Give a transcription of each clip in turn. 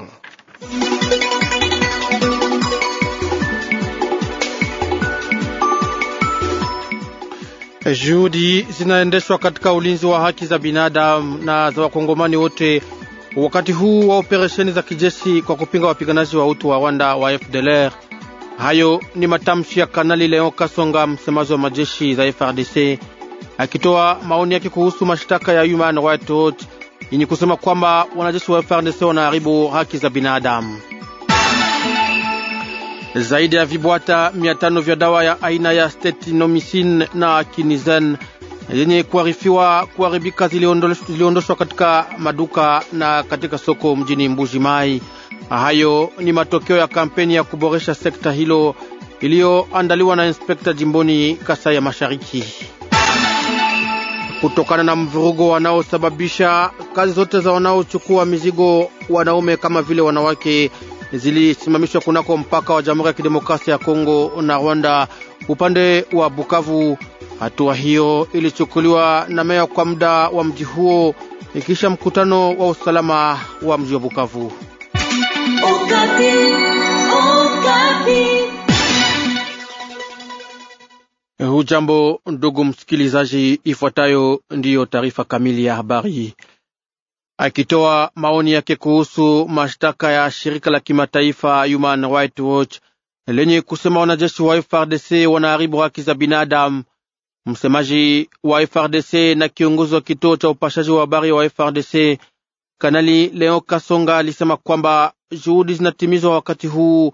question. Juhudi zinaendeshwa katika ulinzi wa haki za binadamu na za wakongomani wote wakati huu wa operesheni za kijeshi kwa kupinga wapiganaji wa utu wa Rwanda wa FDLR. Hayo ni matamshi ya Kanali Leon Kasonga, msemaji wa majeshi za FRDC, akitoa maoni yake kuhusu mashtaka ya Human Rights Watch yenye kusema kwamba wanajeshi wa FRDC wanaharibu haki za binadamu. Zaidi ya vibwata 500 vya dawa ya aina ya stetinomisin na kinizen yenye kuarifiwa kuharibika ziliondoshwa katika maduka na katika soko mjini Mbuji Mai. Hayo ni matokeo ya kampeni ya kuboresha sekta hilo iliyoandaliwa na inspekta jimboni Kasai ya Mashariki kutokana na mvurugo wanaosababisha. Kazi zote za wanaochukua mizigo wanaume kama vile wanawake zilisimamishwa kunako mpaka wa Jamhuri ya Kidemokrasia ya Kongo na Rwanda upande wa Bukavu. Hatua hiyo ilichukuliwa na meya kwa muda wa mji huo ikisha mkutano wa usalama wa mji wa Bukavu. Okapi, Okapi. Hujambo ndugu msikilizaji, ifuatayo ndiyo taarifa kamili ya habari. Akitoa maoni yake kuhusu mashtaka ya shirika la kimataifa Human Rights Watch lenye kusema wanajeshi wa FRDC wanaharibu haki za binadamu, msemaji wa FRDC na kiongozi wa kituo cha upashaji wa habari wa FRDC Kanali Leo Kasonga alisema kwamba juhudi zinatimizwa wakati huu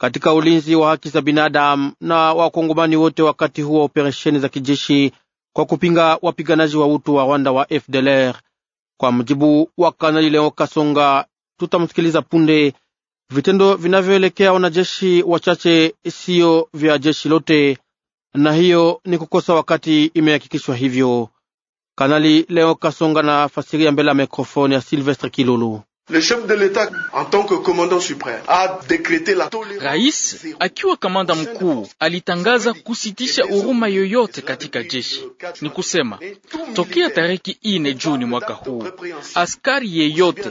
katika ulinzi wa haki za binadamu na wakongomani wote wakati huo operesheni za kijeshi kwa kupinga wapiganaji wa utu wa Rwanda wa FDLR. Kwa mjibu wa Kanali Leo Kasonga, tutamsikiliza punde. Vitendo vinavyoelekea wanajeshi wachache siyo vya jeshi lote, na hiyo ni kukosa wakati, imehakikishwa hivyo. Kanali Leo Kasonga na fasiria mbele ya mikrofoni ya Silvestre Kilulu. Le chef de l'État en tant que commandant suprême a décrété la tolérance. Rais akiwa kamanda mkuu alitangaza kusitisha huruma yoyote katika jeshi. Ni kusema tokea tariki ine Juni mwaka huu, askari yeyote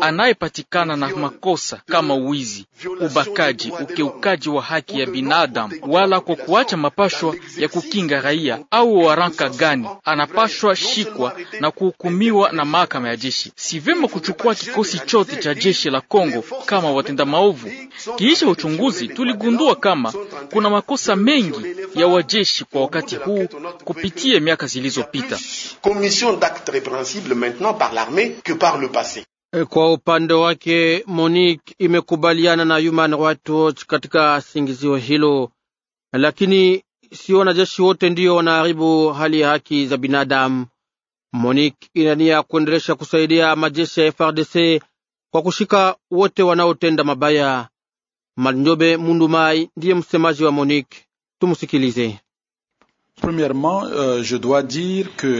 anayepatikana na makosa kama wizi, ubakaji, ukiukaji wa haki ya binadamu wala kwa kuacha mapashwa ya kukinga raia au waraka gani, anapashwa shikwa na kuhukumiwa na mahakama ya jeshi. Si vema kuchukua kikosi kikosi chote cha jeshi la Kongo kama watenda maovu. Kiisha uchunguzi, tuligundua kama kuna makosa mengi ya wajeshi kwa wakati huu kupitia miaka zilizopita. E, kwa upande wake Monique imekubaliana na Human Rights Watch katika singizio hilo, lakini si wanajeshi wote ndio wanaharibu hali ya haki za binadamu. MONIK inania kuendelesha kusaidia majeshi ya FARDC kwa kushika wote wanaotenda mabaya. mundu mai ndiye msemaji wa MONIK, tumsikilize. Euh,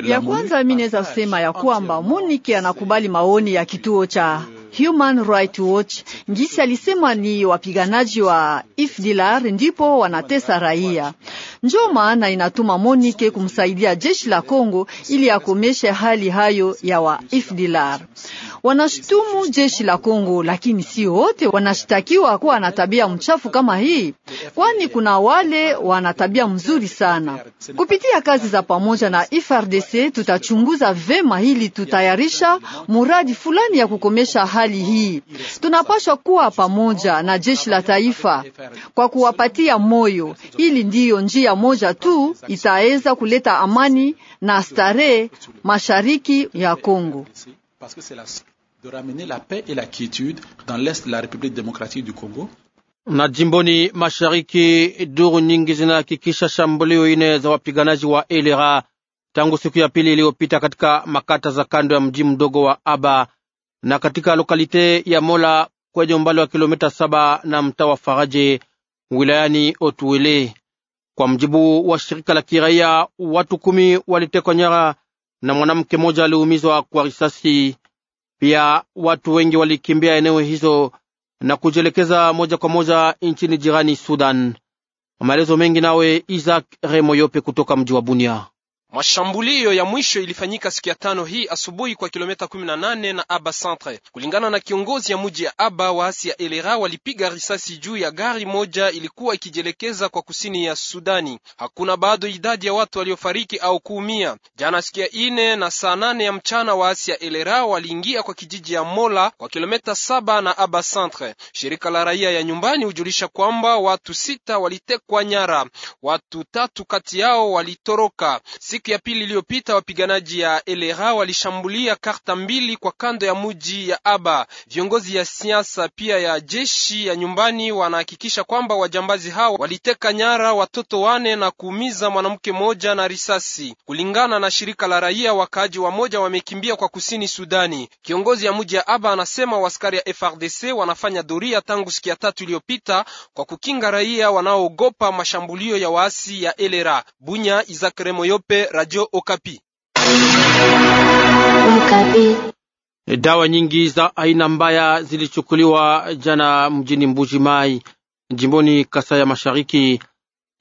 ya kwanza mimi naweza kusema ya kwamba MONUC anakubali maoni ya kituo cha Human Rights Watch ngisi alisema ni wapiganaji wa FDLR ndipo wanatesa raia. Ndio maana inatuma Monike kumsaidia jeshi la Kongo ili akomeshe hali hayo ya wa FDLR wanashutumu jeshi la Kongo, lakini sio wote wanashtakiwa kuwa na tabia mchafu kama hii, kwani kuna wale wana tabia mzuri sana. Kupitia kazi za pamoja na FRDC tutachunguza vema hili, tutayarisha muradi fulani ya kukomesha hali hii. Tunapaswa kuwa pamoja na jeshi la taifa kwa kuwapatia moyo. Hili ndiyo njia moja tu itaweza kuleta amani na starehe mashariki ya Kongo parce que c'est la de ramener la paix et la quiétude dans l'est la République démocratique du Congo. Na jimboni mashariki, duru nyingi zinahakikisha shambulio ine za wapiganaji wa elera tangu siku ya pili iliyopita katika makata za kando ya mji mdogo wa Aba na katika lokalite ya Mola kwenye umbali wa kilomita saba na mtaa wa Faraje wilayani Otuele. Kwa mjibu wa shirika la kiraia, watu kumi walitekwa nyara na mwanamke mmoja aliumizwa kwa risasi. Pia watu wengi walikimbia eneo hizo na kujielekeza moja kwa moja nchini jirani Sudan. Maelezo mengi nawe Isaac Remoyope kutoka mji wa Bunia. Mashambulio ya mwisho ilifanyika siku ya tano hii asubuhi kwa kilomita 18 na Aba Centre. Kulingana na kiongozi ya muji ya Aba, waasi ya Elera walipiga risasi juu ya gari moja ilikuwa ikijielekeza kwa kusini ya Sudani. Hakuna bado idadi ya watu waliofariki au kuumia. Jana siku ya ine na saa nane ya mchana, waasi ya Elera waliingia kwa kijiji ya Mola kwa kilomita saba na Aba Centre. Shirika la raia ya nyumbani hujulisha kwamba watu sita walitekwa nyara, watu tatu kati yao walitoroka Siku ya pili iliyopita wapiganaji ya elera walishambulia karta mbili kwa kando ya muji ya Aba. Viongozi ya siasa pia ya jeshi ya nyumbani wanahakikisha kwamba wajambazi hao waliteka nyara watoto wane na kuumiza mwanamke mmoja na risasi. Kulingana na shirika la raia, wakaaji wamoja wamekimbia kwa kusini Sudani. Kiongozi ya muji ya Aba anasema waskari ya FRDC wanafanya doria tangu siku ya tatu iliyopita kwa kukinga raia wanaoogopa mashambulio ya waasi ya elera Bunya Isaac Remoyope Radio Okapi. Okapi. E, dawa nyingi za aina mbaya zilichukuliwa jana mjini Mbuji Mai jimboni Kasai ya Mashariki.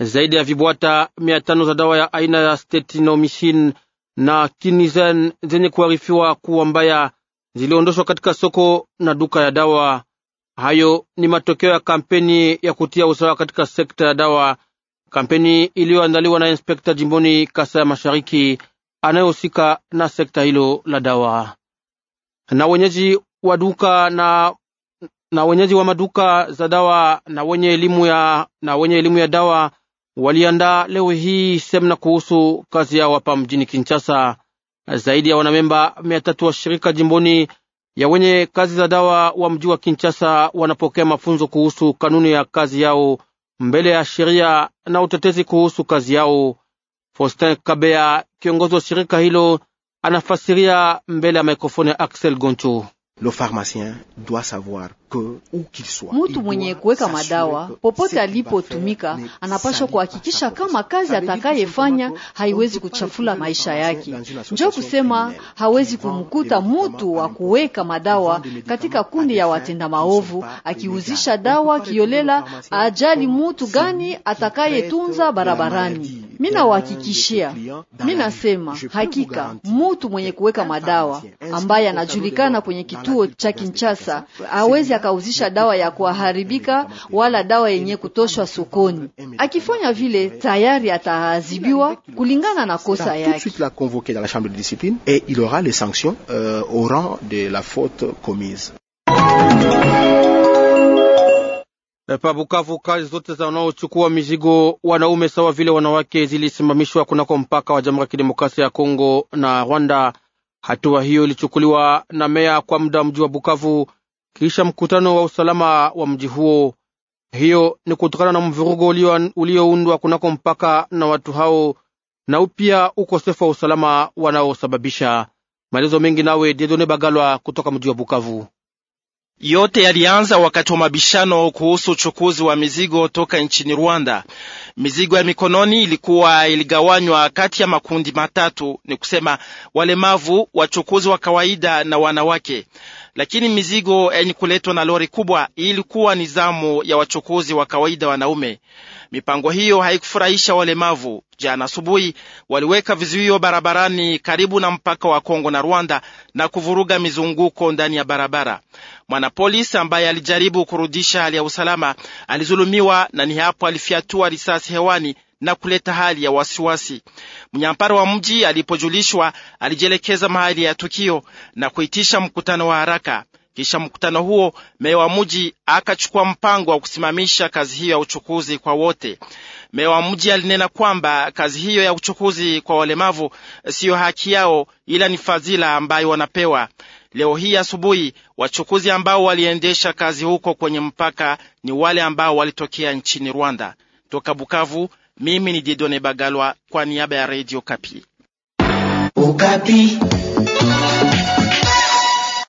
Zaidi ya vibwata mia tano za dawa ya aina ya stetinomishin na kinizen zenye kuharifiwa kuwa mbaya ziliondoshwa katika soko na duka ya dawa. Hayo ni matokeo ya kampeni ya kutia usawa katika sekta ya dawa kampeni iliyoandaliwa na inspekta jimboni Kasa ya Mashariki anayehusika na sekta hilo la dawa na wenyeji wa duka na na wenyeji wa maduka za dawa na wenye elimu ya, na wenye elimu ya dawa waliandaa leo hii semna kuhusu kazi yao hapa mjini Kinshasa. Zaidi ya wanamemba mia tatu wa shirika jimboni ya wenye kazi za dawa wa mji wa Kinshasa wanapokea mafunzo kuhusu kanuni ya kazi yao mbele ya sheria na utetezi kuhusu kazi yao. Faustin Kabea, kiongozi wa shirika hilo, anafasiria mbele ya mikrofoni ya Axel Goncho. Le pharmacien doit savoir Mtu mwenye kuweka madawa popote alipotumika anapaswa kuhakikisha kama kazi atakayefanya haiwezi kuchafula maisha yake. Njoo kusema hawezi kumkuta mtu wa kuweka madawa katika kundi ya watenda maovu akiuzisha dawa kiolela, ajali mtu gani atakayetunza barabarani. mina minasema hakika mtu mwenye kuweka madawa ambaye anajulikana kwenye kituo cha Kinshasa hawezi akauzisha dawa ya kuharibika wala dawa yenye kutoshwa sokoni. Akifanya vile, tayari ataadhibiwa kulingana na kosa yake. Euh, pa Bukavu, kazi zote za wanaochukua mizigo wanaume sawa vile wanawake zilisimamishwa kunako mpaka wa Jamhuri ya Kidemokrasia ya Kongo na Rwanda. Hatua hiyo ilichukuliwa na meya kwa muda wa mji wa Bukavu kisha mkutano wa usalama wa mji huo. Hiyo ni kutokana na mvurugo ulioundwa kunako mpaka na watu hao na upya ukosefu wa usalama wanaosababisha. Maelezo mengi nawe Dedone Bagalwa kutoka mji wa Bukavu. Yote yalianza wakati wa mabishano kuhusu uchukuzi wa mizigo toka nchini Rwanda. Mizigo ya mikononi ilikuwa iligawanywa kati ya makundi matatu, ni kusema walemavu, wachukuzi wa kawaida na wanawake lakini mizigo yenye eh, kuletwa na lori kubwa ilikuwa ni zamu ya wachukuzi wa kawaida wanaume. Mipango hiyo haikufurahisha walemavu. Jana asubuhi waliweka vizuio barabarani karibu na mpaka wa Kongo na Rwanda na kuvuruga mizunguko ndani ya barabara. Mwanapolisi ambaye alijaribu kurudisha hali ya usalama alizulumiwa, na ni hapo alifyatua risasi hewani na kuleta hali ya wasiwasi. mnyamparo wa mji alipojulishwa, alijielekeza mahali ya tukio na kuitisha mkutano wa haraka. Kisha mkutano huo, meya wa mji akachukua mpango wa kusimamisha kazi hiyo ya uchukuzi kwa wote. Meya wa mji alinena kwamba kazi hiyo ya uchukuzi kwa walemavu siyo haki yao, ila ni fadhila ambayo wanapewa. Leo hii asubuhi, wachukuzi ambao waliendesha kazi huko kwenye mpaka ni wale ambao walitokea nchini Rwanda. Toka Bukavu, mimi ni Didone Bagalwa kwa niaba ya Radio Kapi. Ukapi.